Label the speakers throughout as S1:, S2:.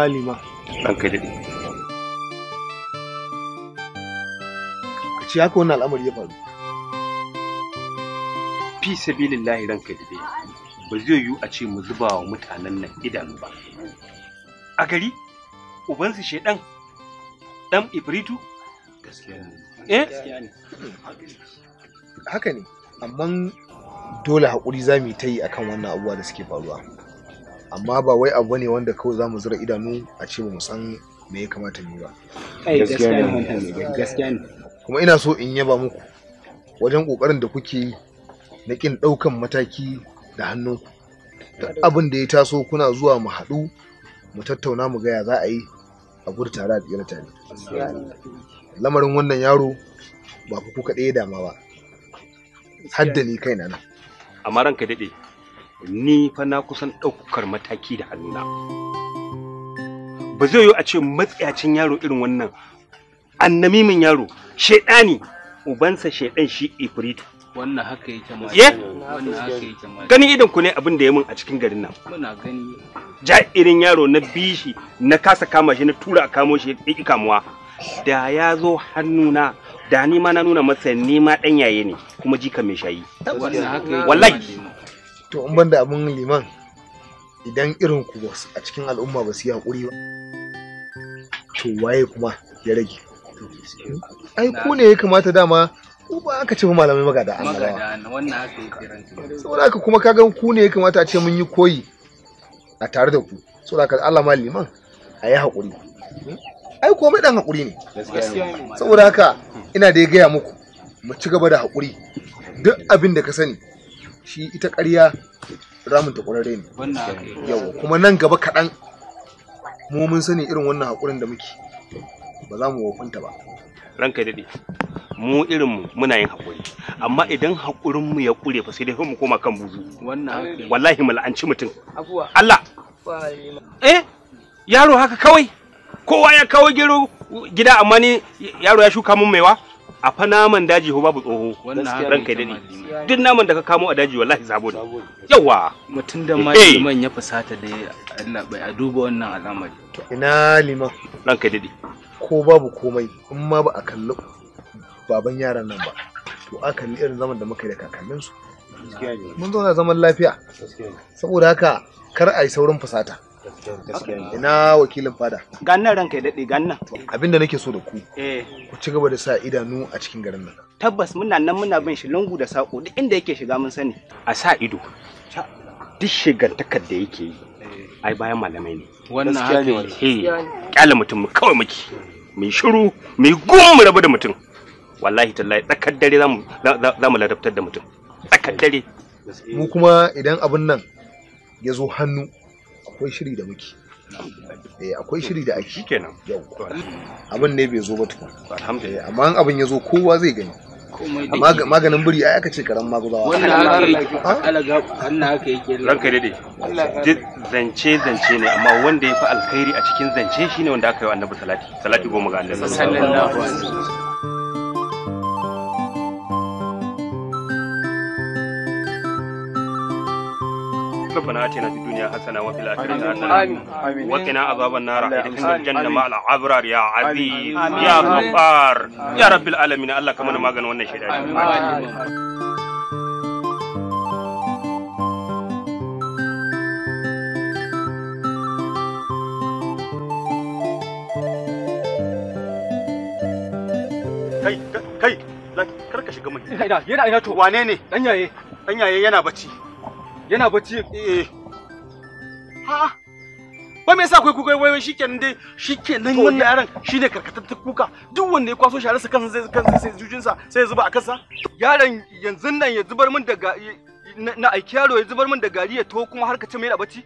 S1: Halima. Ɗanka daɗe. Ka ce haka wannan al'amari ya faru.
S2: Fi sabilin lahi ranka daɗe ba zai yiwu a ce mu zuba wa mutanen nan idanu ba. A gari, ubansu shaiɗan, ɗan Ibritu? Gaskiya ne. Eh?
S1: Haka ne, amma dole haƙuri za mu yi ta yi a kan wannan abubuwa da suke faruwa. amma ba wai abu ne wanda kawai za mu zura idanu a ce ba mu san me ya kamata mu ba gaskiya ne kuma ina so in yaba muku wajen kokarin da kuke yi na kin daukan mataki da hannu, da abin da ya taso kuna zuwa mu haɗu mu tattauna mu gaya za a yi a gudu tare da yana tare lamarin wannan yaro ba ku kuka ɗaya dama ba hadda ni kaina nan
S2: amma ranka daɗe ni fa na kusan ɗaukar mataki da hannuna ba zai yi a ce matsayacin yaro irin wannan annamimin yaro shaidani ubansa shaidan shi ifritu wannan haka yake ma gani idan ku ne abin da ya mun a cikin garin nan muna gani ja irin yaro na bishi na kasa kama shi na tura a kamo shi ya kamuwa da ya zo hannuna da ni ma na nuna masa ni ma dan yaye ne kuma jika mai shayi wallahi
S1: to in banda abin liman idan irin ku a cikin al'umma ba su yi haƙuri ba to waye kuma ya rage ai ku ne ya kamata dama ku ba aka ce malamai magada annabawa
S2: wannan haka yake saboda haka kuma
S1: kagan ku ne ya kamata a ce mun yi koyi a tare da ku saboda haka Allah maliman a yi haƙuri ai komai dan haƙuri ne saboda haka ina da ya gaya muku mu ci gaba da haƙuri duk abin da ka sani shi ita ƙarya ramunta ƙwararre ne yau kuma nan gaba kaɗan mu mun sani irin wannan haƙurin da muke ba za mu wakunta ba
S2: ranka daɗe mu irin mu muna yin haƙuri amma idan haƙurin mu ya ƙure fa sai dai mu koma kan buzu wannan wallahi mu la'anci mutum Allah eh yaro haka kawai kowa ya kawo gero gida amma ni yaro ya shuka mun maiwa a fa naman daji ho babu tsoho ran kai dade duk naman da ka kamo a daji wallahi sabo ne yawa mutun da ma eh. liman ya fusata da Allah bai a duba wannan al'amari ina liman ran kai ko babu komai in ma ba a kalli
S1: baban yaran nan ba to a kalli irin zaman da muka yi da kakannin su mun zauna zaman lafiya saboda haka kar a yi saurin fusata ina wakilin
S2: fada gannan ranka ya daɗe gannan
S1: abinda nake so da ku eh. ku ci gaba da sa idanu a
S2: cikin garin nan tabbas muna nan muna bin shi lungu da sako duk inda yake shiga mun sani a sa ido duk shigantakar da yake yi eh. ai bayan malamai ne wannan haka ne kyale mutum kawai muke mai shiru mai gum mu rabu da mutum wallahi tallahi tsakar dare za mu ladabtar da mutum tsakar dare
S1: mu kuma idan abin nan ya zo hannu akwai shiri da muke eh akwai shiri da ake kenan abin ne bai zo ba tukun alhamdulillah eh, amma abin ya zo kowa zai gani maganin biri ai aka ce karan maguzawa
S2: wannan haka yake ranka dade zance zance ne amma wanda ya fi alkhairi a cikin zance shine wanda aka yi wa annabi salati salati goma ga annabi sallallahu alaihi wasallam ربنا آتنا في الدنيا حسنة وفي الآخرة حسنة وقنا عذاب النار ادخلنا الجنة مع الأبرار يا عزيز يا غفار يا رب العالمين الله كمان ما غن wannan shida kai kai kar ka shiga mai yana yana to wane ne danyaye danyaye yana bacci yana bacci eh ha ba me yasa kai kuka wai shikenan dai shikenan wannan yaron shine ta kuka duk wanda ya kwaso sharar sa kansa zai kansa sai jujinsa sai ya zuba a kansa yaron yanzu nan ya zubar min daga na aiki yaro ya zubar min da gari ya to kuma har ka ce mai yana bacci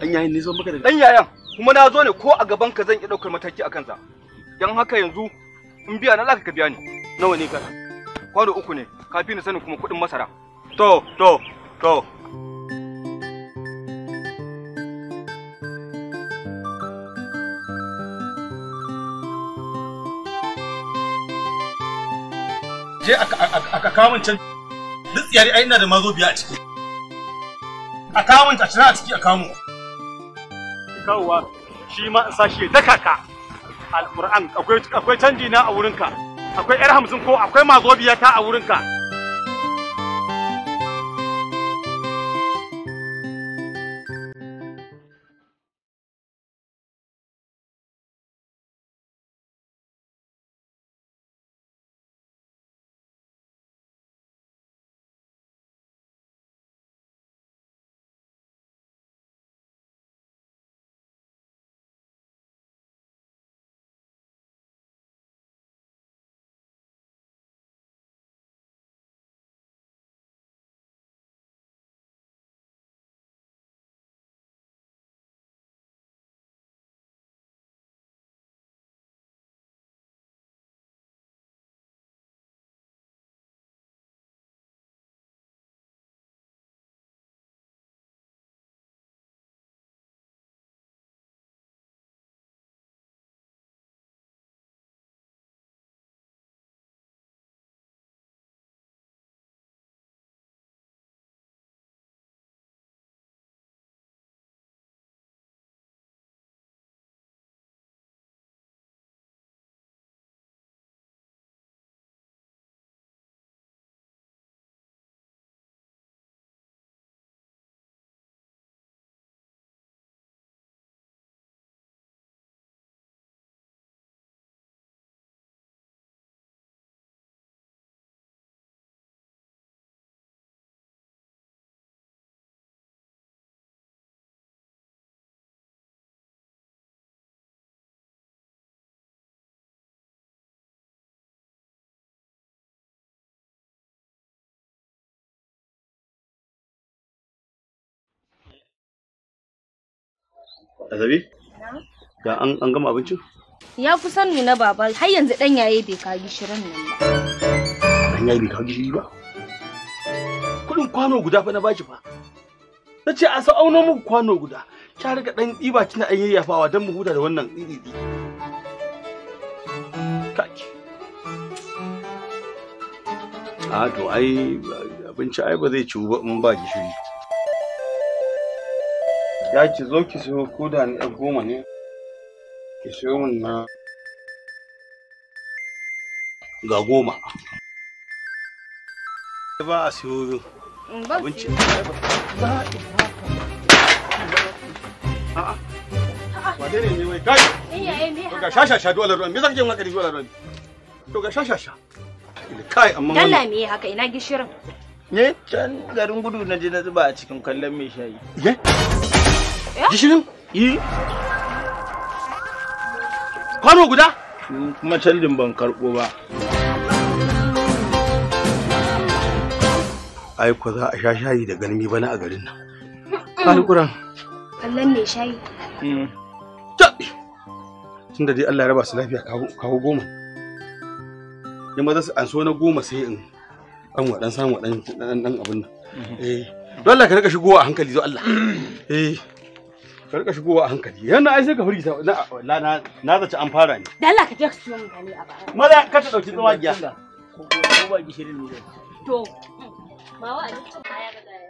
S2: dan yayin ne zo maka da dan yayan kuma na zo ne ko a gaban ka zan iya daukar mataki akan sa dan haka yanzu in biya na zaka ka biya ni nawa ne ka kwano uku ne kafin na sanin kuma kuɗin masara to to to je aka kamun can duk tsiyari ai ina da mazo biya a ciki a mun a cira a ciki a mu. kawowa shi ma in sashi da kaka alquran akwai akwai canji na a wurinka akwai yar hamsin ko akwai mazo biya ta a wurinka Azabi? Ya an gama abincin? Ya kusan na baba har yanzu dan yaye bai ka shirin nan ba. Dan yaye bai ka gishiri ba? Kudin kwano guda fa na baki fa. Na ce a sa auno muku kwano guda. Ta riga dan diba kina an yayyafawa don mu huta da wannan ɗiɗiɗi. Kaki. A to ai abinci ai ba zai ciwu ba in ba gishiri. ya ce zo ki siyo koda ne ɗan goma ne ki siyo min na ga goma ba a siyo min mm, abinci ba wane ne ne mai kai eh, ga shashasha dole ruwan me zaka je maka da dole ruwan to ga shashasha kai amma dalla me haka ina gishirin ne can garin gudu na je na zuba a cikin kallon mai shayi Gishirin? Yi. Kwano guda? Kuma canjin ban karɓo ba. Ai za a sha shayi da galmi bana a garin nan. Alƙuran. Kallon ne shayi. Tunda dai Allah ya raba su lafiya kawo goma. Yamma za su an so na goma sai in an waɗansa samu waɗan ɗan abin nan. Eh. Allah ka rika shigowa a hankali zo Allah. ka rika shigowa a hankali yana ai sai ka furgita na na na zaci an fara ne dan Allah ka je ka siyo min gani a baya maza ka ta dauki tsawa giya ko ko ba gishirin ne to mawa a duk ya ga